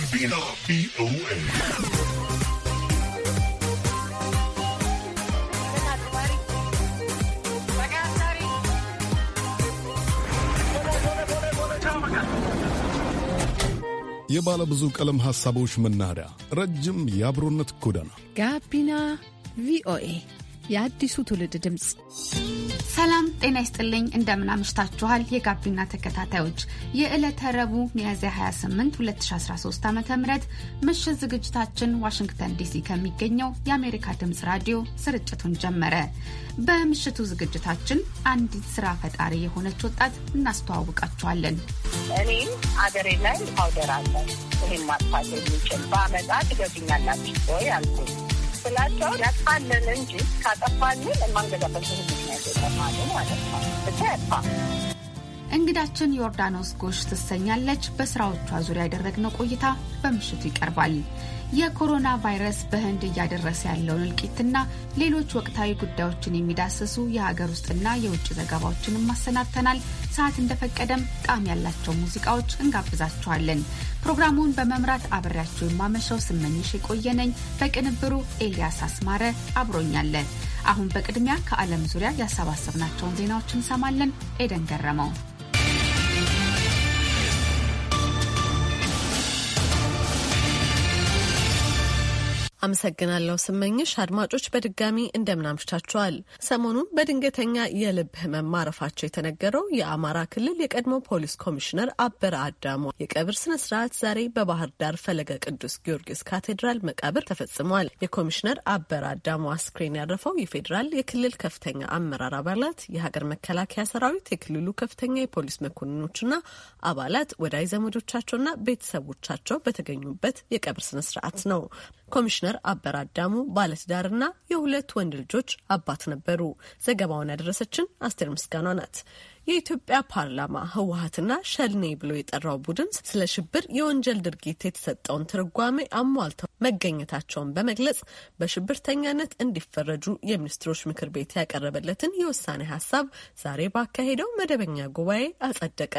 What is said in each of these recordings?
ቪኦኤ የባለ ብዙ ቀለም ሐሳቦች መናኸሪያ፣ ረጅም የአብሮነት ጎዳና ጋቢና ቪኦኤ የአዲሱ ትውልድ ድምፅ። ሰላም ጤና ይስጥልኝ። እንደምናምሽታችኋል የጋቢና ተከታታዮች የዕለተ ረቡዕ ሚያዝያ 28 2013 ዓ ም ምሽት ዝግጅታችን ዋሽንግተን ዲሲ ከሚገኘው የአሜሪካ ድምፅ ራዲዮ ስርጭቱን ጀመረ። በምሽቱ ዝግጅታችን አንዲት ስራ ፈጣሪ የሆነች ወጣት እናስተዋውቃችኋለን። እኔም አገሬ ላይ ፓውደር አለ ይህም ማጥፋት የሚችል በአመጣ ትገዙኛላችሁ ወይ አልኩ ስላቸው ያጥፋለን እንጂ ካጠፋልን የማንገዛበት ምክንያት የጠማሉ ማለት ነው ብቻ ያጥፋ እንግዳችን ዮርዳኖስ ጎሽ ትሰኛለች። በስራዎቿ ዙሪያ ያደረግነው ቆይታ በምሽቱ ይቀርባል። የኮሮና ቫይረስ በህንድ እያደረሰ ያለውን እልቂትና ሌሎች ወቅታዊ ጉዳዮችን የሚዳስሱ የሀገር ውስጥና የውጭ ዘገባዎችንም ማሰናድተናል። ሰዓት እንደፈቀደም ጣዕም ያላቸው ሙዚቃዎች እንጋብዛችኋለን። ፕሮግራሙን በመምራት አብሬያቸው የማመሸው ስመኝሽ የቆየነኝ፣ በቅንብሩ ኤልያስ አስማረ አብሮኛለን። አሁን በቅድሚያ ከዓለም ዙሪያ ያሰባሰብናቸውን ዜናዎች እንሰማለን። ኤደን ገረመው አመሰግናለሁ ስመኝሽ። አድማጮች በድጋሚ እንደምናምሽታችኋል። ሰሞኑን በድንገተኛ የልብ ህመም ማረፋቸው የተነገረው የአማራ ክልል የቀድሞ ፖሊስ ኮሚሽነር አበረ አዳሙ የቀብር ስነ ስርዓት ዛሬ በባህር ዳር ፈለገ ቅዱስ ጊዮርጊስ ካቴድራል መቃብር ተፈጽሟል። የኮሚሽነር አበረ አዳሙ አስክሬን ያረፈው የፌዴራል የክልል ከፍተኛ አመራር አባላት፣ የሀገር መከላከያ ሰራዊት፣ የክልሉ ከፍተኛ የፖሊስ መኮንኖችና አባላት፣ ወዳጅ ዘመዶቻቸውና ቤተሰቦቻቸው በተገኙበት የቀብር ስነ ስርዓት ነው። ኮሚሽነር አበራ አዳሙ ባለትዳርና የሁለት ወንድ ልጆች አባት ነበሩ። ዘገባውን ያደረሰችን አስቴር ምስጋኗ ናት። የኢትዮጵያ ፓርላማ ህወሀትና ሸልኔ ብሎ የጠራው ቡድን ስለ ሽብር የወንጀል ድርጊት የተሰጠውን ትርጓሜ አሟልተው መገኘታቸውን በመግለጽ በሽብርተኛነት እንዲፈረጁ የሚኒስትሮች ምክር ቤት ያቀረበለትን የውሳኔ ሀሳብ ዛሬ ባካሄደው መደበኛ ጉባኤ አጸደቀ።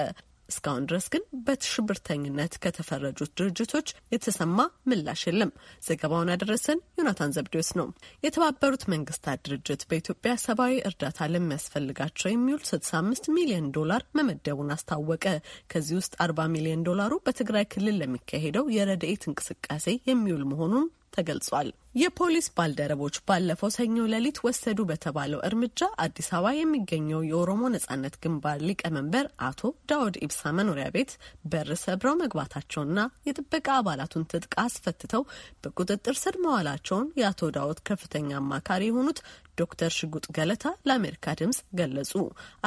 እስካሁን ድረስ ግን በሽብርተኝነት ከተፈረጁት ድርጅቶች የተሰማ ምላሽ የለም። ዘገባውን ያደረሰን ዮናታን ዘብዴዎስ ነው። የተባበሩት መንግስታት ድርጅት በኢትዮጵያ ሰብአዊ እርዳታ ለሚያስፈልጋቸው የሚውል 65 ሚሊዮን ዶላር መመደቡን አስታወቀ። ከዚህ ውስጥ 40 ሚሊዮን ዶላሩ በትግራይ ክልል ለሚካሄደው የረድኤት እንቅስቃሴ የሚውል መሆኑን ተገልጿል። የፖሊስ ባልደረቦች ባለፈው ሰኞ ሌሊት ወሰዱ በተባለው እርምጃ አዲስ አበባ የሚገኘው የኦሮሞ ነጻነት ግንባር ሊቀመንበር አቶ ዳውድ ኢብሳ መኖሪያ ቤት በር ሰብረው መግባታቸውና የጥበቃ አባላቱን ትጥቅ አስፈትተው በቁጥጥር ስር መዋላቸውን የአቶ ዳውድ ከፍተኛ አማካሪ የሆኑት ዶክተር ሽጉጥ ገለታ ለአሜሪካ ድምጽ ገለጹ።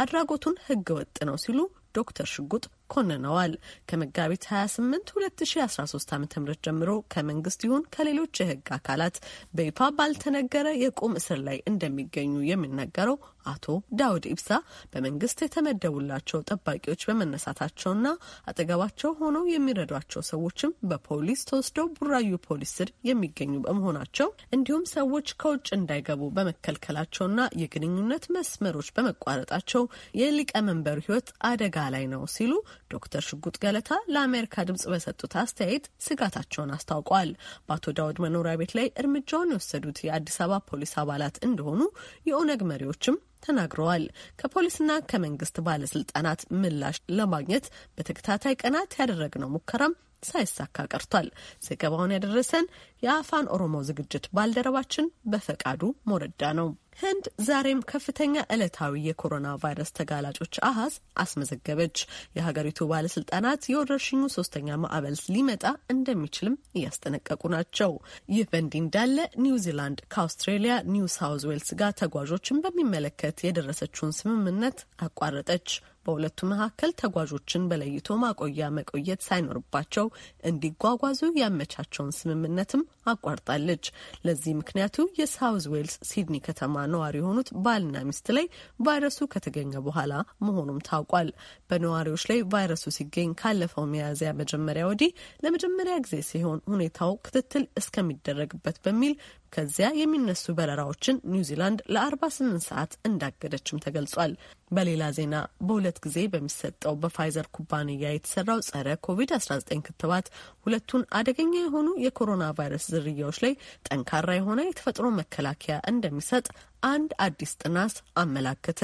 አድራጎቱን ሕገ ወጥ ነው ሲሉ ዶክተር ሽጉጥ ኮንነዋል። ከመጋቢት 28 2013 ዓ ም ጀምሮ ከመንግስት ይሁን ከሌሎች የህግ አካላት በይፋ ባልተነገረ የቁም እስር ላይ እንደሚገኙ የሚነገረው አቶ ዳውድ ኢብሳ በመንግስት የተመደቡላቸው ጠባቂዎች በመነሳታቸውና አጠገባቸው ሆነው የሚረዷቸው ሰዎችም በፖሊስ ተወስደው ቡራዩ ፖሊስ ስር የሚገኙ በመሆናቸው እንዲሁም ሰዎች ከውጭ እንዳይገቡ በመከልከላቸውና የግንኙነት መስመሮች በመቋረጣቸው የሊቀመንበሩ ህይወት አደጋ ላይ ነው ሲሉ ዶክተር ሽጉጥ ገለታ ለአሜሪካ ድምጽ በሰጡት አስተያየት ስጋታቸውን አስታውቀዋል። በአቶ ዳውድ መኖሪያ ቤት ላይ እርምጃውን የወሰዱት የአዲስ አበባ ፖሊስ አባላት እንደሆኑ የኦነግ መሪዎችም ተናግረዋል። ከፖሊስና ከመንግስት ባለስልጣናት ምላሽ ለማግኘት በተከታታይ ቀናት ያደረግነው ሙከራም ሳይሳካ ቀርቷል። ዘገባውን ያደረሰን የአፋን ኦሮሞ ዝግጅት ባልደረባችን በፈቃዱ ሞረዳ ነው። ህንድ ዛሬም ከፍተኛ ዕለታዊ የኮሮና ቫይረስ ተጋላጮች አሃዝ አስመዘገበች። የሀገሪቱ ባለስልጣናት የወረርሽኙ ሶስተኛ ማዕበል ሊመጣ እንደሚችልም እያስጠነቀቁ ናቸው። ይህ በእንዲህ እንዳለ ኒውዚላንድ ከአውስትሬሊያ ኒው ሳውዝ ዌልስ ጋር ተጓዦችን በሚመለከት የደረሰችውን ስምምነት አቋረጠች። በሁለቱ መካከል ተጓዦችን በለይቶ ማቆያ መቆየት ሳይኖርባቸው እንዲጓጓዙ ያመቻቸውን ስምምነትም አቋርጣለች። ለዚህ ምክንያቱ የሳውዝ ዌልስ ሲድኒ ከተማ ነዋሪ የሆኑት ባልና ሚስት ላይ ቫይረሱ ከተገኘ በኋላ መሆኑም ታውቋል። በነዋሪዎች ላይ ቫይረሱ ሲገኝ ካለፈው ሚያዝያ መጀመሪያ ወዲህ ለመጀመሪያ ጊዜ ሲሆን ሁኔታው ክትትል እስከሚደረግበት በሚል ከዚያ የሚነሱ በረራዎችን ኒውዚላንድ ለ48 ሰዓት እንዳገደችም ተገልጿል። በሌላ ዜና በሁለት ጊዜ በሚሰጠው በፋይዘር ኩባንያ የተሰራው ጸረ ኮቪድ-19 ክትባት ሁለቱን አደገኛ የሆኑ የኮሮና ቫይረስ ዝርያዎች ላይ ጠንካራ የሆነ የተፈጥሮ መከላከያ እንደሚሰጥ አንድ አዲስ ጥናት አመላከተ።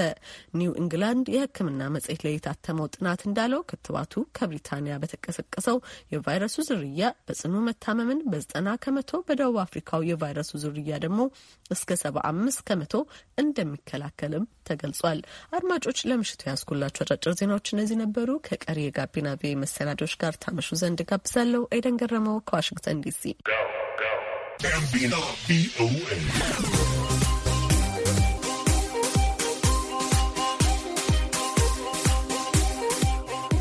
ኒው ኢንግላንድ የሕክምና መጽሔት ላይ የታተመው ጥናት እንዳለው ክትባቱ ከብሪታንያ በተቀሰቀሰው የቫይረሱ ዝርያ በጽኑ መታመምን በዘጠና ከመቶ በደቡብ አፍሪካው የቫይረሱ ዝርያ ደግሞ እስከ 75 አምስት ከመቶ እንደሚከላከልም ተገልጿል። አድማጮች ለምሽቱ ያስኩላቸው አጫጭር ዜናዎች እነዚህ ነበሩ። ከቀሪ የጋቢና ቪ መሰናዶች ጋር ታመሹ ዘንድ ጋብዛለሁ። ኤደን ገረመው ከዋሽንግተን ዲሲ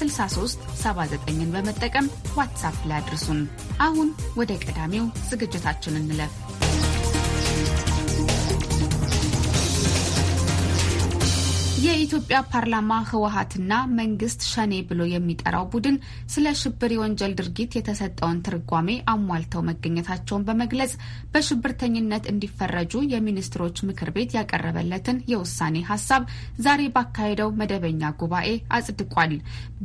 6379ን በመጠቀም ዋትሳፕ ላይ አድርሱን። አሁን ወደ ቀዳሚው ዝግጅታችን እንለፍ። የኢትዮጵያ ፓርላማ ህወሀትና መንግስት ሸኔ ብሎ የሚጠራው ቡድን ስለ ሽብር የወንጀል ድርጊት የተሰጠውን ትርጓሜ አሟልተው መገኘታቸውን በመግለጽ በሽብርተኝነት እንዲፈረጁ የሚኒስትሮች ምክር ቤት ያቀረበለትን የውሳኔ ሀሳብ ዛሬ ባካሄደው መደበኛ ጉባኤ አጽድቋል።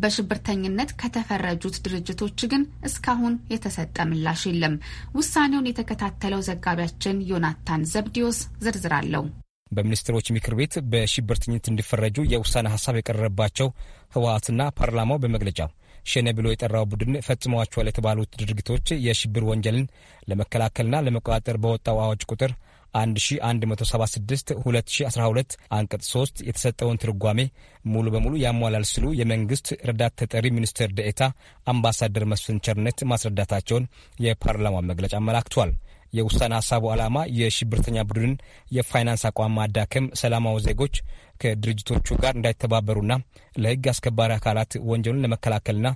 በሽብርተኝነት ከተፈረጁት ድርጅቶች ግን እስካሁን የተሰጠ ምላሽ የለም። ውሳኔውን የተከታተለው ዘጋቢያችን ዮናታን ዘብዲዮስ ዝርዝር አለው። በሚኒስትሮች ምክር ቤት በሽብርተኝነት እንዲፈረጁ የውሳኔ ሀሳብ የቀረበባቸው ህወሀትና ፓርላማው በመግለጫው ሸኔ ብሎ የጠራው ቡድን ፈጽሟቸዋል የተባሉት ድርጊቶች የሽብር ወንጀልን ለመከላከልና ለመቆጣጠር በወጣው አዋጅ ቁጥር 1176 2012 አንቀጽ 3 የተሰጠውን ትርጓሜ ሙሉ በሙሉ ያሟላል ሲሉ የመንግስት ረዳት ተጠሪ ሚኒስትር ደኤታ አምባሳደር መስፍን ቸርነት ማስረዳታቸውን የፓርላማ መግለጫ አመላክቷል። የውሳኔ ሀሳቡ ዓላማ የሽብርተኛ ቡድንን የፋይናንስ አቋም ማዳከም፣ ሰላማዊ ዜጎች ከድርጅቶቹ ጋር እንዳይተባበሩና ለህግ አስከባሪ አካላት ወንጀሉን ለመከላከልና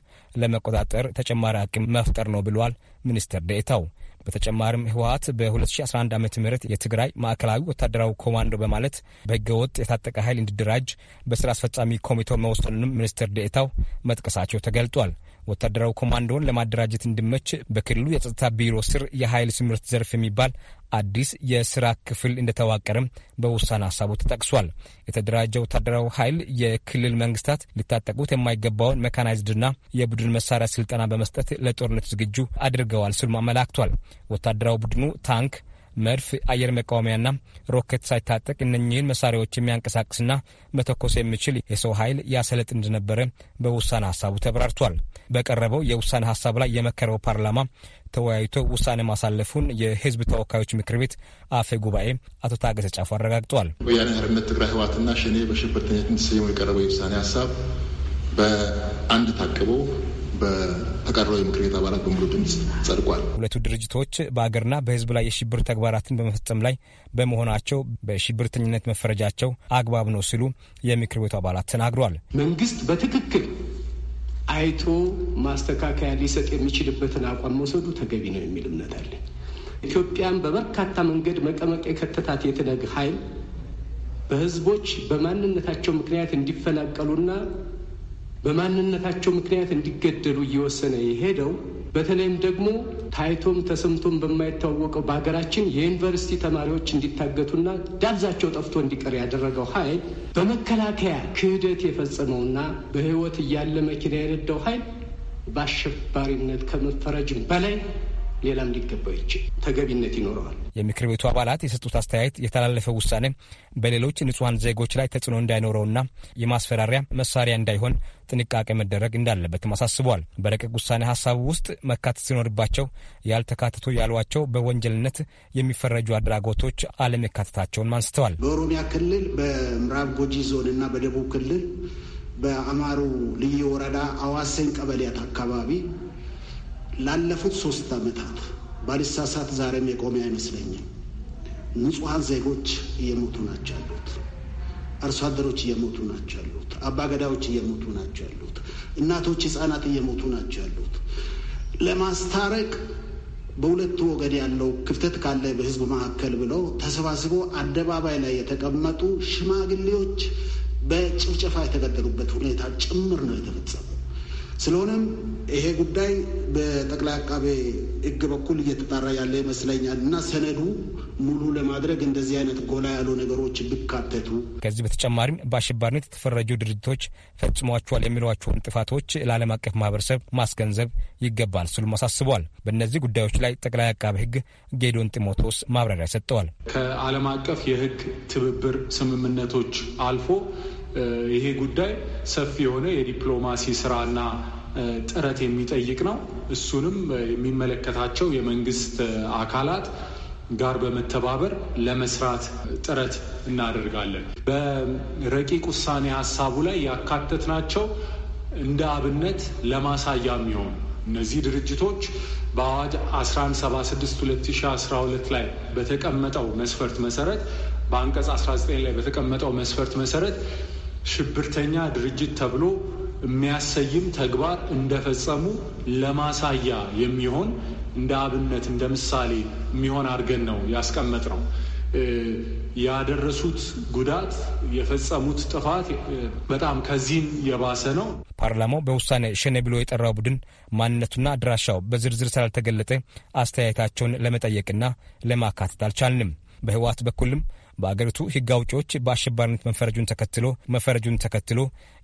ለመቆጣጠር ተጨማሪ አቅም መፍጠር ነው ብለዋል ሚኒስትር ዴኤታው። በተጨማሪም ህወሀት በ2011 ዓ ም የትግራይ ማዕከላዊ ወታደራዊ ኮማንዶ በማለት በህገወጥ የታጠቀ ኃይል እንዲደራጅ በስራ አስፈጻሚ ኮሚቴው መወሰኑንም ሚኒስትር ዴኤታው መጥቀሳቸው ተገልጧል። ወታደራዊ ኮማንዶን ለማደራጀት እንዲመች በክልሉ የጸጥታ ቢሮ ስር የኃይል ስምርት ዘርፍ የሚባል አዲስ የስራ ክፍል እንደተዋቀረም በውሳኔ ሀሳቡ ተጠቅሷል። የተደራጀ ወታደራዊ ኃይል የክልል መንግስታት ሊታጠቁት የማይገባውን ሜካናይዝድና የቡድን መሳሪያ ስልጠና በመስጠት ለጦርነት ዝግጁ አድርገዋል ሲሉም አመላክቷል። ወታደራዊ ቡድኑ ታንክ መድፍ፣ አየር መቃወሚያና ሮኬት ሳይታጠቅ እነኚህን መሳሪያዎች የሚያንቀሳቅስና መተኮስ የሚችል የሰው ኃይል ያሰለጥ እንደነበረ በውሳኔ ሀሳቡ ተብራርቷል። በቀረበው የውሳኔ ሀሳብ ላይ የመከረው ፓርላማ ተወያይቶ ውሳኔ ማሳለፉን የህዝብ ተወካዮች ምክር ቤት አፈ ጉባኤ አቶ ታገሰ ጫፉ አረጋግጠዋል። ወያኔ ሓርነት ትግራይ ህወሓትና ሸኔ በሽብርተኝነት እንዲሰየሙ የቀረበው የውሳኔ ሀሳብ በአንድ ታቅቦ በተቀረው የምክር ቤት አባላት በሙሉ ድምፅ ጸድቋል። ሁለቱ ድርጅቶች በሀገርና በሕዝብ ላይ የሽብር ተግባራትን በመፈጸም ላይ በመሆናቸው በሽብርተኝነት መፈረጃቸው አግባብ ነው ሲሉ የምክር ቤቱ አባላት ተናግሯል። መንግስት በትክክል አይቶ ማስተካከያ ሊሰጥ የሚችልበትን አቋም መውሰዱ ተገቢ ነው የሚል እምነት አለ። ኢትዮጵያን በበርካታ መንገድ መቀመቅ የከተታት የተነግ ኃይል በህዝቦች በማንነታቸው ምክንያት እንዲፈናቀሉና በማንነታቸው ምክንያት እንዲገደሉ እየወሰነ የሄደው በተለይም ደግሞ ታይቶም ተሰምቶም በማይታወቀው በሀገራችን የዩኒቨርሲቲ ተማሪዎች እንዲታገቱና ዳብዛቸው ጠፍቶ እንዲቀር ያደረገው ኃይል በመከላከያ ክህደት የፈጸመውና በሕይወት እያለ መኪና የነዳው ኃይል በአሸባሪነት ከመፈረጅም በላይ ሌላም ሊገባው ይችል ተገቢነት ይኖረዋል። የምክር ቤቱ አባላት የሰጡት አስተያየት የተላለፈ ውሳኔ በሌሎች ንጹሐን ዜጎች ላይ ተጽዕኖ እንዳይኖረውና የማስፈራሪያ መሳሪያ እንዳይሆን ጥንቃቄ መደረግ እንዳለበትም አሳስቧል። በረቂቅ ውሳኔ ሀሳብ ውስጥ መካተት ሲኖርባቸው ያልተካተቱ ያሏቸው በወንጀልነት የሚፈረጁ አድራጎቶች አለመካተታቸውን አንስተዋል። በኦሮሚያ ክልል በምዕራብ ጎጂ ዞን እና በደቡብ ክልል በአማሩ ልዩ ወረዳ አዋሰኝ ቀበሌያት አካባቢ ላለፉት ሶስት ዓመታት ባልሳሳት ዛሬም የቆመ አይመስለኝም። ንጹሐን ዜጎች እየሞቱ ናቸው ያሉት፣ አርሶ አደሮች እየሞቱ ናቸው ያሉት፣ አባገዳዎች እየሞቱ ናቸው ያሉት፣ እናቶች፣ ህጻናት እየሞቱ ናቸው ያሉት። ለማስታረቅ በሁለቱ ወገን ያለው ክፍተት ካለ በህዝብ መካከል ብለው ተሰባስቦ አደባባይ ላይ የተቀመጡ ሽማግሌዎች በጭፍጨፋ የተገደሉበት ሁኔታ ጭምር ነው የተፈጸመው። ስለሆነም ይሄ ጉዳይ በጠቅላይ አቃቤ ሕግ በኩል እየተጣራ ያለ ይመስለኛል እና ሰነዱ ሙሉ ለማድረግ እንደዚህ አይነት ጎላ ያሉ ነገሮች ቢካተቱ ከዚህ በተጨማሪም በአሸባሪነት የተፈረጁ ድርጅቶች ፈጽሟቸዋል የሚሏቸውን ጥፋቶች ለዓለም አቀፍ ማህበረሰብ ማስገንዘብ ይገባል ስሉ አሳስበዋል። በእነዚህ ጉዳዮች ላይ ጠቅላይ አቃቤ ሕግ ጌዶን ጢሞቴዎስ ማብራሪያ ሰጥተዋል። ከዓለም አቀፍ የህግ ትብብር ስምምነቶች አልፎ ይሄ ጉዳይ ሰፊ የሆነ የዲፕሎማሲ ስራና ጥረት የሚጠይቅ ነው። እሱንም የሚመለከታቸው የመንግስት አካላት ጋር በመተባበር ለመስራት ጥረት እናደርጋለን። በረቂቅ ውሳኔ ሀሳቡ ላይ ያካተትናቸው እንደ አብነት ለማሳያ የሚሆኑ እነዚህ ድርጅቶች በአዋጅ 1176/2012 ላይ በተቀመጠው መስፈርት መሰረት በአንቀጽ 19 ላይ በተቀመጠው መስፈርት መሰረት ሽብርተኛ ድርጅት ተብሎ የሚያሰይም ተግባር እንደፈጸሙ ለማሳያ የሚሆን እንደ አብነት እንደ ምሳሌ የሚሆን አድርገን ነው ያስቀመጥ ነው። ያደረሱት ጉዳት የፈጸሙት ጥፋት በጣም ከዚህም የባሰ ነው። ፓርላማው በውሳኔ ሸኔ ብሎ የጠራው ቡድን ማንነቱና አድራሻው በዝርዝር ስላልተገለጠ አስተያየታቸውን ለመጠየቅና ለማካተት አልቻልንም። በህወሓት በኩልም በአገሪቱ ህግ አውጪዎች በአሸባሪነት መፈረጁን ተከትሎ መፈረጁን ተከትሎ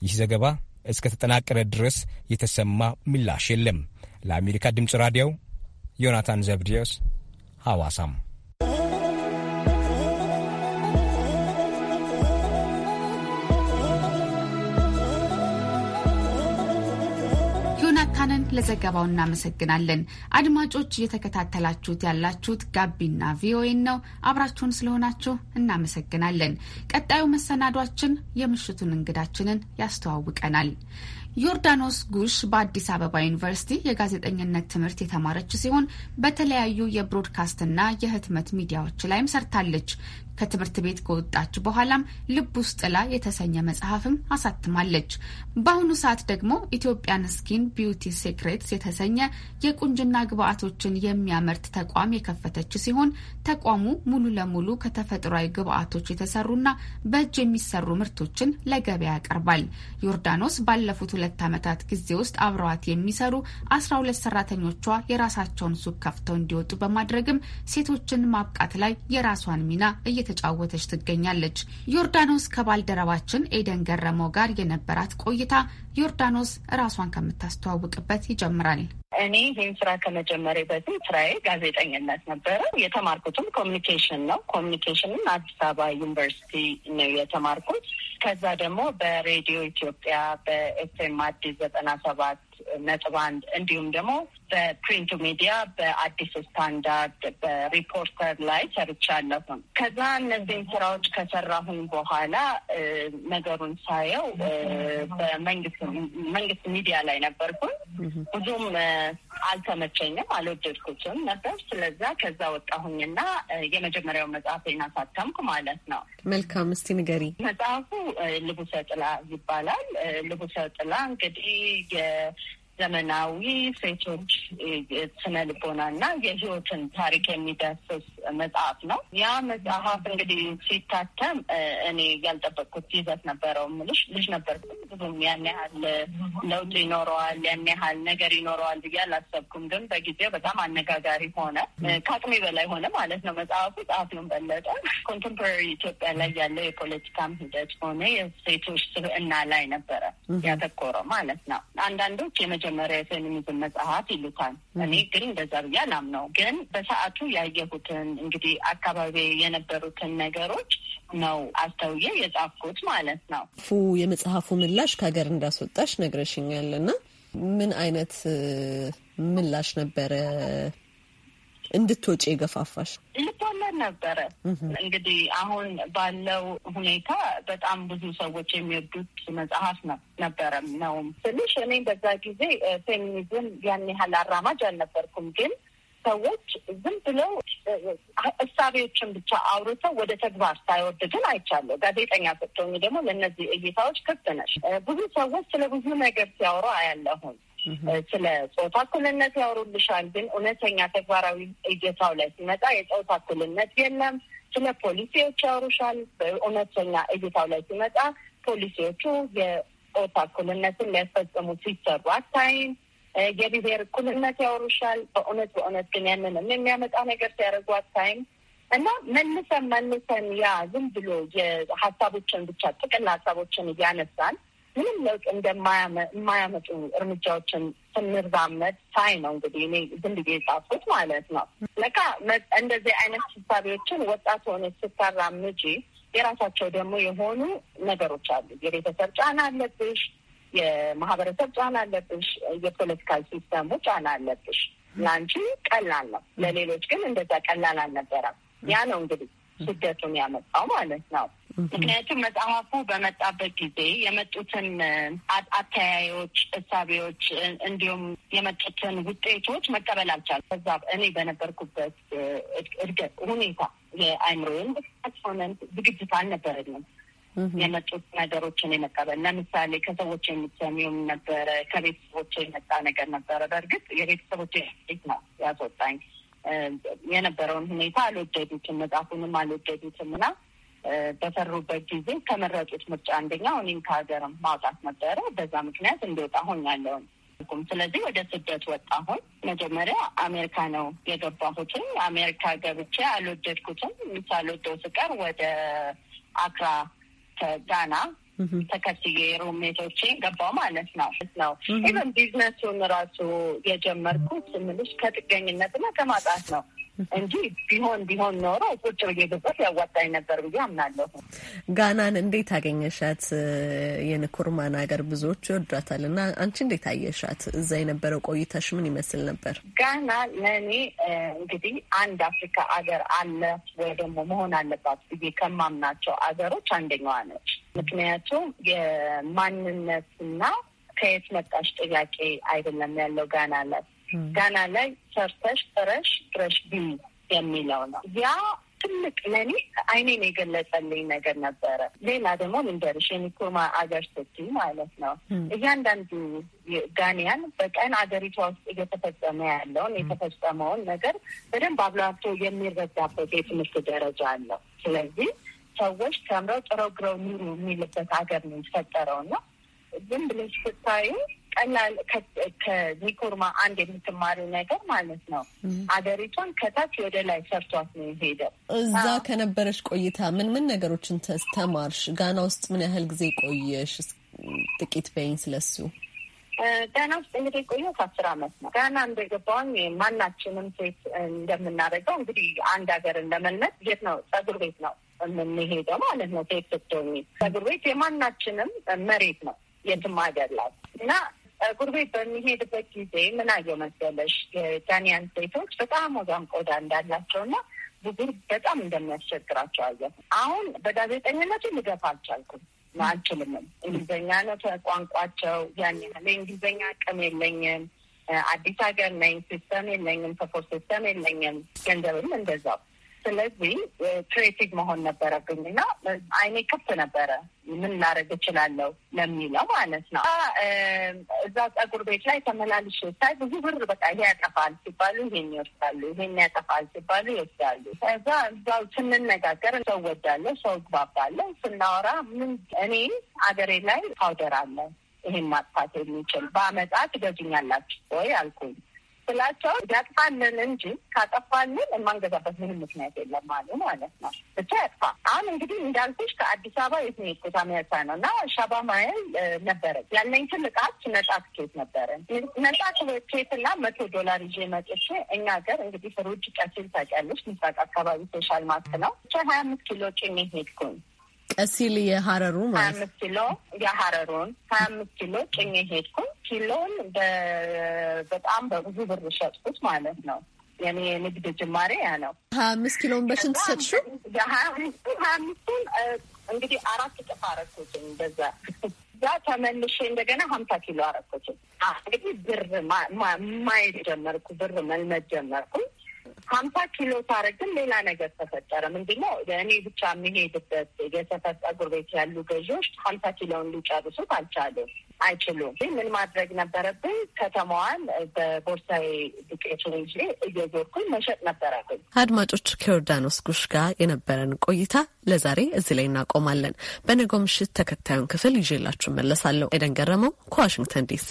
ይህ ዘገባ እስከተጠናቀረ ድረስ የተሰማ ምላሽ የለም። ለአሜሪካ ድምፅ ራዲዮ ዮናታን ዘብዲዮስ ሐዋሳም ካሳንን ለዘገባው እናመሰግናለን። አድማጮች እየተከታተላችሁት ያላችሁት ጋቢና ቪኦኤን ነው። አብራችሁን ስለሆናችሁ እናመሰግናለን። ቀጣዩ መሰናዷችን የምሽቱን እንግዳችንን ያስተዋውቀናል። ዮርዳኖስ ጉሽ በአዲስ አበባ ዩኒቨርሲቲ የጋዜጠኝነት ትምህርት የተማረች ሲሆን በተለያዩ የብሮድካስትና የህትመት ሚዲያዎች ላይም ሰርታለች። ከትምህርት ቤት ከወጣች በኋላም ልብ ውስጥ ላ የተሰኘ መጽሐፍም አሳትማለች። በአሁኑ ሰዓት ደግሞ ኢትዮጵያን ስኪን ቢዩቲ ሴክሬትስ የተሰኘ የቁንጅና ግብአቶችን የሚያመርት ተቋም የከፈተች ሲሆን ተቋሙ ሙሉ ለሙሉ ከተፈጥሯዊ ግብአቶች የተሰሩና በእጅ የሚሰሩ ምርቶችን ለገበያ ያቀርባል። ዮርዳኖስ ባለፉት ሁለት ዓመታት ጊዜ ውስጥ አብረዋት የሚሰሩ አስራ ሁለት ሰራተኞቿ የራሳቸውን ሱቅ ከፍተው እንዲወጡ በማድረግም ሴቶችን ማብቃት ላይ የራሷን ሚና እየ እየተጫወተች ትገኛለች። ዮርዳኖስ ከባልደረባችን ኤደን ገረመው ጋር የነበራት ቆይታ ዮርዳኖስ ራሷን ከምታስተዋውቅበት ይጀምራል። እኔ ይህን ስራ ከመጀመሬ በፊት ስራዬ ጋዜጠኝነት ነበረ። የተማርኩትም ኮሚኒኬሽን ነው። ኮሚኒኬሽንን አዲስ አበባ ዩኒቨርሲቲ ነው የተማርኩት። ከዛ ደግሞ በሬዲዮ ኢትዮጵያ በኤፍኤም አዲስ ዘጠና ሰባት ነጥብ አንድ እንዲሁም ደግሞ በፕሪንቱ ሚዲያ በአዲስ ስታንዳርድ በሪፖርተር ላይ ሰርቻለሁም። ከዛ እነዚህን ስራዎች ከሰራሁኝ በኋላ ነገሩን ሳየው በመንግስት መንግስት ሚዲያ ላይ ነበርኩኝ። ብዙም አልተመቸኝም፣ አልወደድኩትም ነበር። ስለዛ ከዛ ወጣሁኝና የመጀመሪያው መጽሐፌን አሳተምኩ ማለት ነው። መልካም። እስቲ ንገሪ። መጽሐፉ ልቡሰ ጥላ ይባላል። ልቡሰ ጥላ እንግዲህ ዘመናዊ ሴቶች ስነ ልቦናና የህይወትን ታሪክ የሚዳስስ መጽሐፍ ነው። ያ መጽሐፍ እንግዲህ ሲታተም እኔ ያልጠበቅኩት ይዘት ነበረው። ምልሽ ልጅ ነበርኩም ብዙም ያን ያህል ለውጥ ይኖረዋል፣ ያን ያህል ነገር ይኖረዋል ብዬ አላሰብኩም። ግን በጊዜ በጣም አነጋጋሪ ሆነ፣ ከአቅሜ በላይ ሆነ ማለት ነው። መጽሐፉ ጸሐፊውን በለጠ ኮንቴምፖራሪ ኢትዮጵያ ላይ ያለው የፖለቲካም ሂደት ሆነ የሴቶች ስብዕና ላይ ነበረ ያተኮረው ማለት ነው። አንዳንዶች የመጀመ መጀመሪያ የፌሚኒዝም መጽሐፍ ይሉታል። እኔ ግን እንደዛ ብዬ አላምነው። ግን በሰዓቱ ያየሁትን እንግዲህ አካባቢ የነበሩትን ነገሮች ነው አስተውዬ የጻፍኩት ማለት ነው። ፉ የመጽሐፉ ምላሽ ከሀገር እንዳስወጣሽ ነግረሽኛል እና ምን አይነት ምላሽ ነበረ እንድትወጪ የገፋፋሽ? ልትወለድ ነበረ። እንግዲህ አሁን ባለው ሁኔታ በጣም ብዙ ሰዎች የሚወዱት መጽሐፍ ነበረም ነውም ስልሽ እኔ በዛ ጊዜ ፌሚኒዝም ያን ያህል አራማጅ አልነበርኩም ግን ሰዎች ዝም ብለው እሳቤዎችን ብቻ አውርተው ወደ ተግባር ሳይወርድ ግን አይቻለሁ። ጋዜጠኛ ስትሆኚ ደግሞ ለእነዚህ እይታዎች ክፍት ነሽ። ብዙ ሰዎች ስለ ብዙ ነገር ሲያወሩ አያለሁም። ስለ ጾታ እኩልነት ያወሩልሻል፣ ግን እውነተኛ ተግባራዊ እይታው ላይ ሲመጣ የጾታ እኩልነት የለም። ስለ ፖሊሲዎች ያወሩሻል፣ በእውነተኛ እይታው ላይ ሲመጣ ፖሊሲዎቹ የጾታ እኩልነትን ሊያስፈጽሙ ሲሰሩ አታይም። የብሔር እኩልነት ያወሩሻል፣ በእውነት በእውነት ግን ያንንም የሚያመጣ ነገር ሲያደርጉ አታይም። እና መልሰን መልሰን ያ ዝም ብሎ የሀሳቦችን ብቻ ጥቅል ሀሳቦችን እያነሳን ምንም ለውጥ እንደማያመጡ እርምጃዎችን ስንራመድ ሳይ ነው እንግዲህ እኔ ዝም ብዬ የጻፉት ማለት ነው። ለካ እንደዚህ አይነት ሀሳቢዎችን ወጣት ሆነች ስታራምጂ የራሳቸው ደግሞ የሆኑ ነገሮች አሉ። የቤተሰብ ጫና አለብሽ፣ የማህበረሰብ ጫና አለብሽ፣ የፖለቲካል ሲስተሙ ጫና አለብሽ። ለአንቺ ቀላል ነው፣ ለሌሎች ግን እንደዛ ቀላል አልነበረም። ያ ነው እንግዲህ ስደቱን ያመጣው ማለት ነው። ምክንያቱም መጽሐፉ በመጣበት ጊዜ የመጡትን አተያዮች፣ እሳቤዎች እንዲሁም የመጡትን ውጤቶች መቀበል አልቻል ከዛ እኔ በነበርኩበት እድገት ሁኔታ የአይምሮን ሆነን ዝግጅት አልነበረንም የመጡት ነገሮችን የመቀበል ለምሳሌ ከሰዎች የሚሰሚውም ነበረ። ከቤተሰቦች የመጣ ነገር ነበረ። በእርግጥ የቤተሰቦች ነው ያስወጣኝ የነበረውን ሁኔታ አልወደዱትም፣ መጽሐፉንም አልወደዱትም እና በሰሩበት ጊዜ ከመረጡት ምርጫ አንደኛ እኔም ከሀገርም ማውጣት ነበረ። በዛ ምክንያት እንደወጣ ሆኛለሁኝ። ስለዚህ ወደ ስደት ወጣሁኝ። መጀመሪያ አሜሪካ ነው የገባሁትም። አሜሪካ ገብቼ አልወደድኩትም። ሳልወደው ስቀር ወደ አክራ ከጋና ተከትዬ ሩሜቶቼ ገባው ማለት ነው ነው ኢቨን ቢዝነሱን ራሱ የጀመርኩት ምልሽ ከጥገኝነትና ከማጣት ነው እንጂ ቢሆን ቢሆን ኖሮ ቁጭ ብዬ ግብጽ ያዋጣኝ ነበር ብዬ አምናለሁ። ጋናን እንዴት አገኘሻት? የንኩርማን ሀገር ብዙዎች ይወዷታል እና አንቺ እንዴት አየሻት? እዛ የነበረው ቆይታሽ ምን ይመስል ነበር? ጋና ለእኔ እንግዲህ አንድ አፍሪካ አገር አለ ወይ ደግሞ መሆን አለባት ብዬ ከማምናቸው አገሮች አንደኛዋ ነች። ምክንያቱም የማንነትና ከየት መጣሽ ጥያቄ አይደለም ያለው ጋና ላይ ጋና ላይ ሰርተሽ ጥረሽ ጥረሽ ቢ የሚለው ነው። ያ ትልቅ ለእኔ አይኔን የገለጸልኝ ነገር ነበረ። ሌላ ደግሞ ምንደርሽ የኒኮማ አገር ስቲ ማለት ነው እያንዳንዱ ጋንያን በቀን አገሪቷ ውስጥ እየተፈጸመ ያለውን የተፈጸመውን ነገር በደንብ አብላቶ የሚረዳበት የትምህርት ደረጃ አለው። ስለዚህ ሰዎች ተምረው ጥረው ግረው ኑሩ የሚልበት ሀገር ነው የተፈጠረው እና ዝም ብለሽ ስታዩ ቀላል ከኒኮርማ አንድ የምትማሪው ነገር ማለት ነው። አገሪቷን ከታች ወደ ላይ ሰርቷት ነው የሄደው። እዛ ከነበረች ቆይታ ምን ምን ነገሮችን ተማርሽ? ጋና ውስጥ ምን ያህል ጊዜ ቆየሽ? ጥቂት በይኝ ስለሱ። ጋና ውስጥ እንግዲህ ቆየ አስር አመት ነው። ጋና እንደገባሁኝ ማናችንም ሴት እንደምናደርገው እንግዲህ አንድ ሀገርን ለመልመድ የት ነው ጸጉር ቤት ነው የምንሄደው ማለት ነው። ሴት ስትሆኚ ጸጉር ቤት የማናችንም መሬት ነው የትም ሀገር ላይ እና ጉርቤት በሚሄድበት ጊዜ ምን አየው መሰለሽ ዳንያን ሴቶች በጣም ወዛም ቆዳ እንዳላቸው እንዳላቸውና ብጉር በጣም እንደሚያስቸግራቸው አየሁ። አሁን በጋዜጠኝነቱ ልገፋ አልቻልኩም አልችልምም። እንግሊዝኛ ነው ቋንቋቸው። ያን የእንግሊዝኛ አቅም የለኝም። አዲስ ሀገር ነኝ። ሲስተም የለኝም። ሰፖርት ሲስተም የለኝም። ገንዘብም እንደዛው ስለዚህ ክሬቲቭ መሆን ነበረብኝ እና አይኔ ክፍት ነበረ ምን ላደርግ እችላለሁ ለሚለው ማለት ነው። እዛ ጸጉር ቤት ላይ ተመላልሽ ሳይ ብዙ ብር በቃ ይሄ ያጠፋል ሲባሉ ይሄን ይወስዳሉ፣ ይሄን ያጠፋል ሲባሉ ይወስዳሉ። ከዛ እዛው ስንነጋገር ሰው ወዳለሁ፣ ሰው ግባባለሁ፣ ስናወራ ምን እኔ አገሬ ላይ ፓውደር አለ ይሄን ማጥፋት የሚችል በአመጣ ትገዙኛላችሁ ወይ አልኩኝ። ስላቸው ያጥፋንን እንጂ ካጠፋንን የማንገዛበት ምንም ምክንያት የለም አሉ ማለት ነው። ብቻ ያጥፋ። አሁን እንግዲህ እንዳልኩሽ ከአዲስ አበባ የት ነው የሄድኩት? አሜሪካ ነው እና ሻባ ማይል ነበረ ያለኝ ትልቃች ነጻ ትኬት ነበረ። ነጻ ትኬት እና መቶ ዶላር ይዤ መጥቼ እኛ ሀገር እንግዲህ ሩጭ ቀሲል ታውቂያለሽ? ምስራቅ አካባቢ ሶሻል ማስክ ነው ብቻ ሀያ አምስት ኪሎ ጭሜ ሄድኩኝ። ቀሲል የሀረሩ ማለት ሀያ አምስት ኪሎ የሀረሩን ሀያ አምስት ኪሎ ጭኝ ሄድኩ። ኪሎን በጣም በብዙ ብር ሸጥኩት ማለት ነው። የኔ ንግድ ጅማሬ ያ ነው። ሀያ አምስት ኪሎን በሽንት ሰጥሹ? ሀያ አምስቱ ሀያ አምስቱን እንግዲህ አራት እጥፍ አረኩትኝ በዛ እዛ ተመልሼ እንደገና ሀምሳ ኪሎ አረኩትኝ። እንግዲህ ብር ማየት ጀመርኩ፣ ብር መልመድ ጀመርኩኝ። ሀምሳ ኪሎ ሳረግ ግን ሌላ ነገር ተፈጠረ። ምንድን ነው እኔ ብቻ የሚሄድበት የሰፈር ጸጉር ቤት ያሉ ገዢዎች ሀምሳ ኪሎውን ሊጨርሱት አልቻሉም አይችሉም። ግን ምን ማድረግ ነበረብኝ? ከተማዋን በቦርሳዊ ዱቄቱን ይዤ እየዞርኩኝ መሸጥ ነበረብኝ። አድማጮች ከዮርዳኖስ ጉሽ ጋር የነበረን ቆይታ ለዛሬ እዚህ ላይ እናቆማለን። በነገው ምሽት ተከታዩን ክፍል ይዤላችሁ መለሳለሁ። ኤደን ገረመው ከዋሽንግተን ዲሲ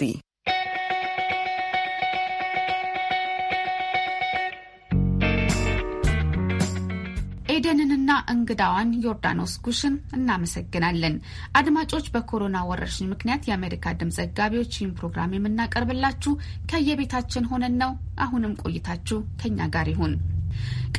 እንግዳዋን ዮርዳኖስ ጉሽን እናመሰግናለን። አድማጮች፣ በኮሮና ወረርሽኝ ምክንያት የአሜሪካ ድምፅ ዘጋቢዎች ይህን ፕሮግራም የምናቀርብላችሁ ከየቤታችን ሆነን ነው። አሁንም ቆይታችሁ ከኛ ጋር ይሁን።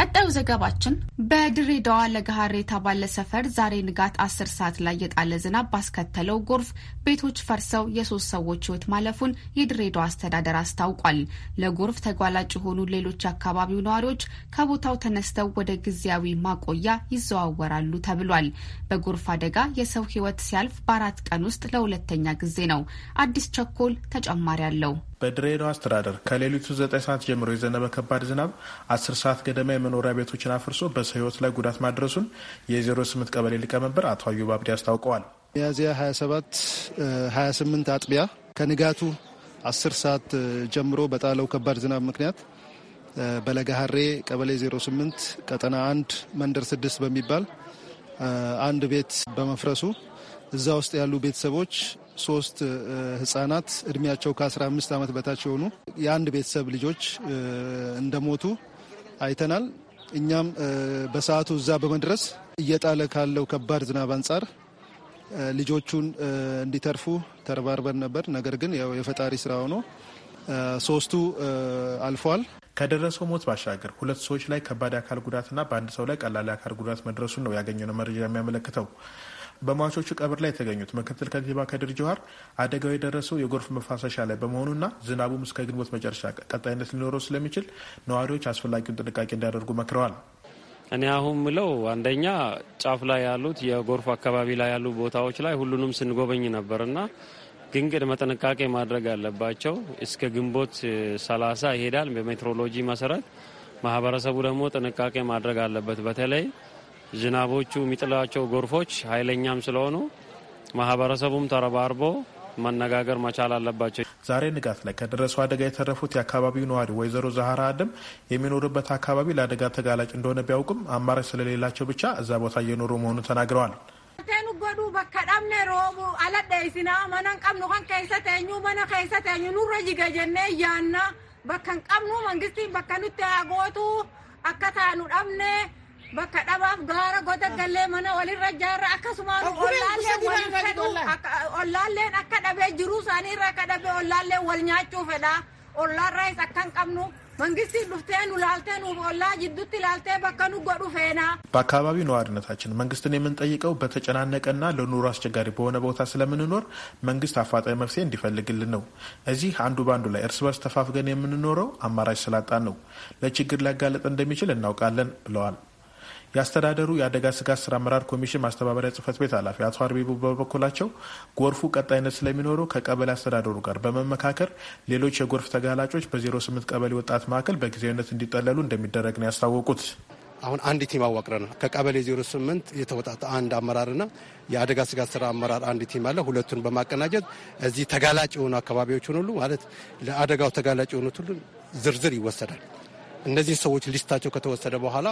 ቀጣዩ ዘገባችን በድሬዳዋ ለገሃር የተባለ ሰፈር ዛሬ ንጋት አስር ሰዓት ላይ የጣለ ዝናብ ባስከተለው ጎርፍ ቤቶች ፈርሰው የሶስት ሰዎች ሕይወት ማለፉን የድሬዳዋ አስተዳደር አስታውቋል። ለጎርፍ ተጓላጭ የሆኑ ሌሎች የአካባቢው ነዋሪዎች ከቦታው ተነስተው ወደ ጊዜያዊ ማቆያ ይዘዋወራሉ ተብሏል። በጎርፍ አደጋ የሰው ህይወት ሲያልፍ በአራት ቀን ውስጥ ለሁለተኛ ጊዜ ነው። አዲስ ቸኮል ተጨማሪ አለው። በድሬዳዋ አስተዳደር ከሌሊቱ ዘጠኝ ሰዓት ጀምሮ የዘነበ ከባድ ዝናብ አስር ሰዓት ገደማ የመኖሪያ ቤቶችን አፍርሶ በሰው ህይወት ላይ ጉዳት ማድረሱን የ08 ቀበሌ ሊቀመንበር አቶ አዩብ አብዲ አስታውቀዋል። ሚያዝያ 27 28 አጥቢያ ከንጋቱ 10 ሰዓት ጀምሮ በጣለው ከባድ ዝናብ ምክንያት በለጋሀሬ ቀበሌ 08 ቀጠና 1 መንደር 6 በሚባል አንድ ቤት በመፍረሱ እዛ ውስጥ ያሉ ቤተሰቦች ሶስት ህጻናት እድሜያቸው ከ15 ዓመት በታች የሆኑ የአንድ ቤተሰብ ልጆች እንደሞቱ አይተናል። እኛም በሰዓቱ እዛ በመድረስ እየጣለ ካለው ከባድ ዝናብ አንጻር ልጆቹን እንዲተርፉ ተረባርበን ነበር። ነገር ግን ያው የፈጣሪ ስራ ሆኖ ሶስቱ አልፏል። ከደረሰው ሞት ባሻገር ሁለት ሰዎች ላይ ከባድ አካል ጉዳትና በአንድ ሰው ላይ ቀላል አካል ጉዳት መድረሱን ነው ያገኘነው መረጃ የሚያመለክተው። በሟቾቹ ቀብር ላይ የተገኙት ምክትል ከንቲባ ከድር ጀዋር አደጋው የደረሰው የጎርፍ መፋሰሻ ላይ በመሆኑና ዝናቡም እስከ ግንቦት መጨረሻ ቀጣይነት ሊኖረው ስለሚችል ነዋሪዎች አስፈላጊውን ጥንቃቄ እንዲያደርጉ መክረዋል። እኔ አሁን ምለው አንደኛ ጫፍ ላይ ያሉት የጎርፍ አካባቢ ላይ ያሉ ቦታዎች ላይ ሁሉንም ስንጎበኝ ነበርና ግንግድ መጥንቃቄ ማድረግ አለባቸው። እስከ ግንቦት ሰላሳ ይሄዳል በሜትሮሎጂ መሰረት። ማህበረሰቡ ደግሞ ጥንቃቄ ማድረግ አለበት በተለይ ዝናቦቹ የሚጥላቸው ጎርፎች ኃይለኛም ስለሆኑ ማህበረሰቡም ተረባርቦ መነጋገር መቻል አለባቸው። ዛሬ ንጋት ላይ ከደረሰው አደጋ የተረፉት የአካባቢው ነዋሪ ወይዘሮ ዛህራ አደም የሚኖሩበት አካባቢ ለአደጋ ተጋላጭ እንደሆነ ቢያውቅም አማራጭ ስለሌላቸው ብቻ እዛ ቦታ እየኖሩ መሆኑ ተናግረዋል። በከን ቀብኑ መንግስቲ በከኑት ያጎቱ አከታኑ ዳብኔ bakka dhabaaf gaara goda galee mana walirra jaarra akkasumaan ollaalleen akka dhabee jiruu isaanii irraa akka dhabee ollaalleen wal nyaachuu fedha ollaarraas akka hin qabnu መንግስት ዱፍቴን ላልቴን ወላ ጅዱት ላልቴ በከኑ ጎዱ ፌና በአካባቢው ነዋሪነታችን መንግስትን የምንጠይቀው በተጨናነቀና ለኑሮ አስቸጋሪ በሆነ ቦታ ስለምንኖር መንግስት አፋጣኝ መፍትሄ እንዲፈልግልን ነው። እዚህ አንዱ በአንዱ ላይ እርስ በርስ ተፋፍገን የምንኖረው አማራጭ ስላጣን ነው። ለችግር ሊያጋለጥ እንደሚችል እናውቃለን ብለዋል። የአስተዳደሩ የአደጋ ስጋት ስራ አመራር ኮሚሽን ማስተባበሪያ ጽህፈት ቤት ኃላፊ አቶ አርቢቡ በበኩላቸው ጎርፉ ቀጣይነት ስለሚኖረው ከቀበሌ አስተዳደሩ ጋር በመመካከር ሌሎች የጎርፍ ተጋላጮች በ08 ቀበሌ ወጣት ማዕከል በጊዜያዊነት እንዲጠለሉ እንደሚደረግ ነው ያስታወቁት። አሁን አንድ ቲም አዋቅረናል። ከቀበሌ 08 የተወጣጣ አንድ አመራርና የአደጋ ስጋት ስራ አመራር አንድ ቲም አለ። ሁለቱን በማቀናጀት እዚህ ተጋላጭ የሆኑ አካባቢዎችን ሁሉ ማለት ለአደጋው ተጋላጭ የሆኑት ሁሉ ዝርዝር ይወሰዳል። እነዚህ ሰዎች ሊስታቸው ከተወሰደ በኋላ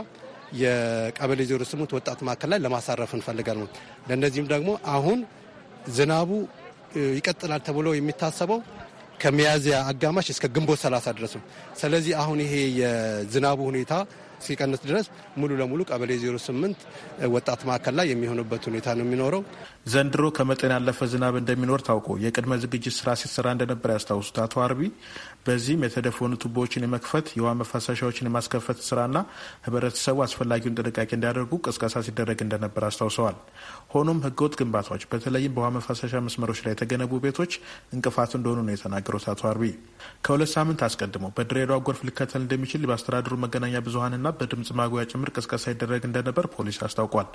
የቀበሌ ዜሮ ስምንት ወጣት ማዕከል ላይ ለማሳረፍ እንፈልጋለን። ለእነዚህም ደግሞ አሁን ዝናቡ ይቀጥላል ተብሎ የሚታሰበው ከሚያዝያ አጋማሽ እስከ ግንቦት 30 ድረስ ነው። ስለዚህ አሁን ይሄ የዝናቡ ሁኔታ እስኪቀንስ ድረስ ሙሉ ለሙሉ ቀበሌ 08 ወጣት ማዕከል ላይ የሚሆንበት ሁኔታ ነው የሚኖረው። ዘንድሮ ከመጠን ያለፈ ዝናብ እንደሚኖር ታውቆ የቅድመ ዝግጅት ስራ ሲሰራ እንደነበር ያስታውሱት አቶ አርቢ በዚህም የተደፈኑ ቱቦዎችን የመክፈት የውሃ መፋሰሻዎችን የማስከፈት ስራና ህብረተሰቡ አስፈላጊውን ጥንቃቄ እንዲያደርጉ ቅስቀሳ ሲደረግ እንደነበር አስታውሰዋል። ሆኖም ህገወጥ ግንባታዎች በተለይም በውሃ መፋሰሻ መስመሮች ላይ የተገነቡ ቤቶች እንቅፋት እንደሆኑ ነው የተናገሩት አቶ አርቢ። ከሁለት ሳምንት አስቀድሞ በድሬዳዋ ጎርፍ ሊከተል እንደሚችል በአስተዳደሩ መገናኛ ብዙሀንና በድምጽ ማጉያ ጭምር ቅስቀሳ ይደረግ እንደነበር ፖሊስ አስታውቋል።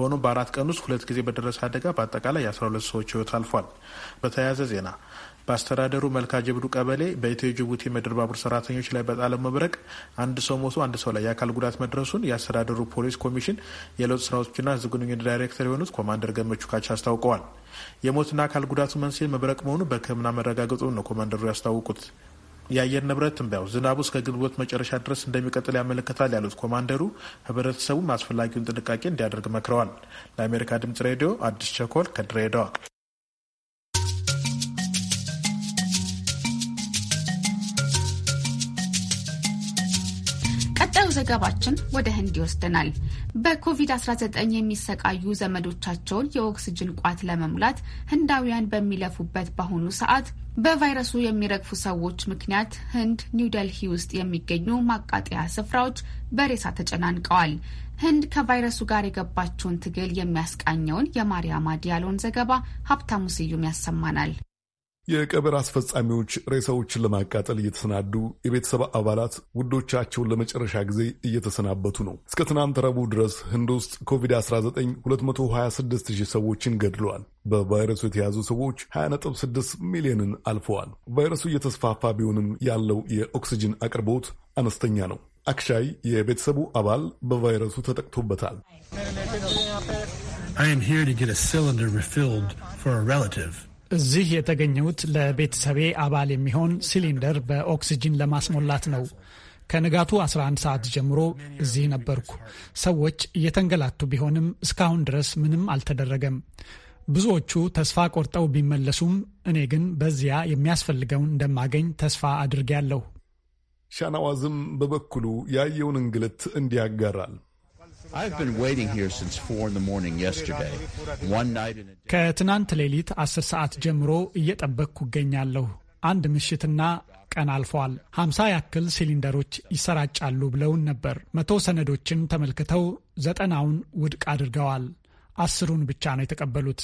ሆኖም በአራት ቀን ውስጥ ሁለት ጊዜ በደረሰ አደጋ በአጠቃላይ የ12 ሰዎች ህይወት አልፏል። በተያያዘ ዜና በአስተዳደሩ መልካ ጀብዱ ቀበሌ በኢትዮ ጅቡቲ ምድር ባቡር ሰራተኞች ላይ በጣለ መብረቅ አንድ ሰው ሞቶ አንድ ሰው ላይ የአካል ጉዳት መድረሱን የአስተዳደሩ ፖሊስ ኮሚሽን የለውጥ ስራዎችና ህዝብ ግንኙነት ዳይሬክተር የሆኑት ኮማንደር ገመቹ ካቻ አስታውቀዋል። የሞትና አካል ጉዳቱ መንስኤ መብረቅ መሆኑ በሕክምና መረጋገጡ ነው ኮማንደሩ ያስታወቁት። የአየር ንብረት ትንበያው ዝናቡ እስከ ግንቦት መጨረሻ ድረስ እንደሚቀጥል ያመለክታል ያሉት ኮማንደሩ ህብረተሰቡም አስፈላጊውን ጥንቃቄ እንዲያደርግ መክረዋል። ለአሜሪካ ድምጽ ሬዲዮ አዲስ ቸኮል ከድሬዳዋ ዘገባችን ወደ ህንድ ይወስደናል። በኮቪድ-19 የሚሰቃዩ ዘመዶቻቸውን የኦክስጅን ቋት ለመሙላት ህንዳውያን በሚለፉበት በአሁኑ ሰዓት በቫይረሱ የሚረግፉ ሰዎች ምክንያት ህንድ ኒውደልሂ ውስጥ የሚገኙ ማቃጠያ ስፍራዎች በሬሳ ተጨናንቀዋል። ህንድ ከቫይረሱ ጋር የገባችውን ትግል የሚያስቃኘውን የማሪያማ ዲያሎን ዘገባ ሀብታሙ ስዩም ያሰማናል። የቀብር አስፈጻሚዎች ሬሳዎችን ለማቃጠል እየተሰናዱ የቤተሰብ አባላት ውዶቻቸውን ለመጨረሻ ጊዜ እየተሰናበቱ ነው። እስከ ትናንት ረቡዕ ድረስ ህንድ ውስጥ ኮቪድ-19 ሰዎችን ገድለዋል። በቫይረሱ የተያዙ ሰዎች 26 ሚሊዮንን አልፈዋል። ቫይረሱ እየተስፋፋ ቢሆንም ያለው የኦክስጅን አቅርቦት አነስተኛ ነው። አክሻይ የቤተሰቡ አባል በቫይረሱ ተጠቅቶበታል። I am here to get a cylinder refilled for a relative. እዚህ የተገኘሁት ለቤተሰቤ አባል የሚሆን ሲሊንደር በኦክሲጂን ለማስሞላት ነው። ከንጋቱ 11 ሰዓት ጀምሮ እዚህ ነበርኩ። ሰዎች እየተንገላቱ ቢሆንም እስካሁን ድረስ ምንም አልተደረገም። ብዙዎቹ ተስፋ ቆርጠው ቢመለሱም እኔ ግን በዚያ የሚያስፈልገውን እንደማገኝ ተስፋ አድርጌያለሁ። ሻናዋዝም በበኩሉ ያየውን እንግልት እንዲያጋራል። ከትናንት ሌሊት አስር ሰዓት ጀምሮ እየጠበቅኩ እገኛለሁ። አንድ ምሽትና ቀን አልፈዋል። ሀምሳ ያክል ሲሊንደሮች ይሰራጫሉ ብለውን ነበር። መቶ ሰነዶችን ተመልክተው ዘጠናውን ውድቅ አድርገዋል። አስሩን ብቻ ነው የተቀበሉት።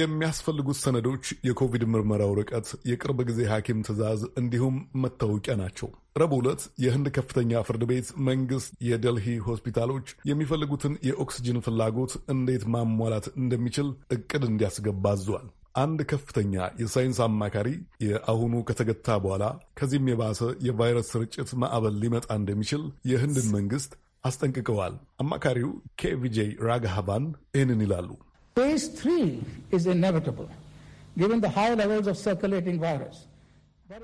የሚያስፈልጉት ሰነዶች የኮቪድ ምርመራ ወረቀት፣ የቅርብ ጊዜ ሐኪም ትዕዛዝ እንዲሁም መታወቂያ ናቸው። ረቡዕ ዕለት የህንድ ከፍተኛ ፍርድ ቤት መንግስት የደልሂ ሆስፒታሎች የሚፈልጉትን የኦክስጅን ፍላጎት እንዴት ማሟላት እንደሚችል እቅድ እንዲያስገባ አዟል። አንድ ከፍተኛ የሳይንስ አማካሪ የአሁኑ ከተገታ በኋላ ከዚህም የባሰ የቫይረስ ስርጭት ማዕበል ሊመጣ እንደሚችል የህንድን መንግስት አስጠንቅቀዋል። አማካሪው ኬቪጄ ራግሃቫን ይህንን ይላሉ። ፌዝ ትሪ ኢዝ ኢኔቪታብል ጊቨን ዘ ሃይ ሌቨልስ ኦፍ ሰርኩሌቲንግ ቫይረስ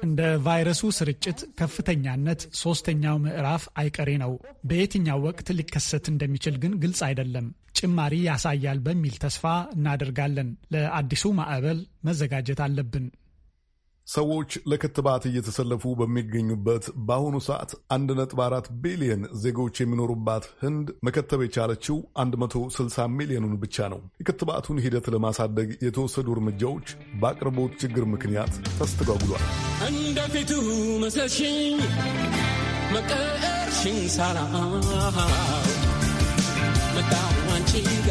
እንደ ቫይረሱ ስርጭት ከፍተኛነት ሶስተኛው ምዕራፍ አይቀሬ ነው። በየትኛው ወቅት ሊከሰት እንደሚችል ግን ግልጽ አይደለም። ጭማሪ ያሳያል በሚል ተስፋ እናደርጋለን። ለአዲሱ ማዕበል መዘጋጀት አለብን። ሰዎች ለክትባት እየተሰለፉ በሚገኙበት በአሁኑ ሰዓት 1.4 ቢሊዮን ዜጎች የሚኖሩባት ህንድ መከተብ የቻለችው 160 ሚሊዮኑን ብቻ ነው። የክትባቱን ሂደት ለማሳደግ የተወሰዱ እርምጃዎች በአቅርቦት ችግር ምክንያት ተስተጓጉሏል። እንደፊቱ መስለሽኝ መቀርሽኝ ሳላ መጣሁ ጋ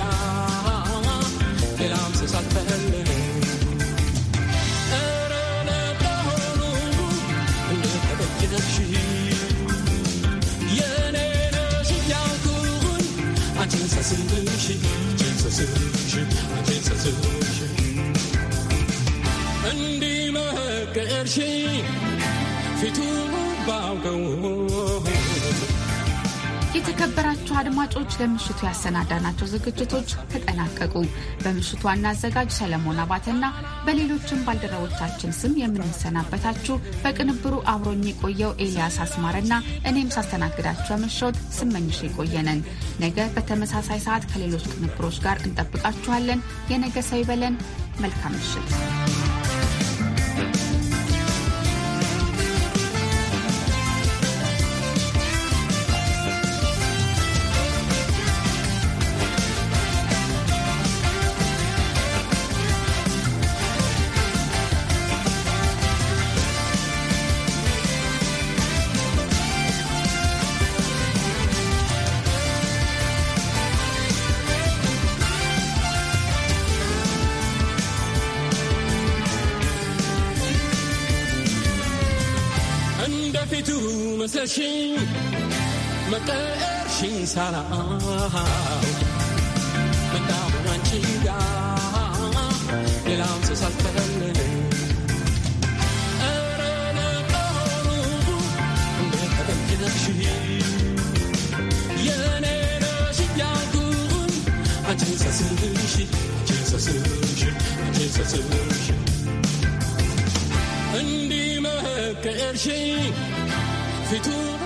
ሌላም ሰሳት سوشن أجلس سوشن عندي ما هكرشي في توبة وقوم የተከበራችሁ አድማጮች ለምሽቱ ያሰናዳናቸው ዝግጅቶች ተጠናቀቁ። በምሽቱ ዋና አዘጋጅ ሰለሞን አባተና በሌሎችም ባልደረቦቻችን ስም የምንሰናበታችሁ በቅንብሩ አብሮኝ የቆየው ኤልያስ አስማረና እኔም ሳስተናግዳችሁ ያመሸሁት ስመኝሽ የቆየነን። ነገ በተመሳሳይ ሰዓት ከሌሎች ቅንብሮች ጋር እንጠብቃችኋለን። የነገ ሰው ይበለን። መልካም ምሽት። መቀየርሽኝ መቀየርሽኝ ሳላው መጣሁን አንቺ ጋ ሌላም ሰው ሳልፈልግ ኧረ ለመሆኑ እንደ ተቀየርሽ የኔ ነሽ እያልኩኝ አንቺን ሳስብሽ አንቺን ሳስብሽ አንቺን ሳስብሽ እንዲህ መቀየርሽኝ Si tú no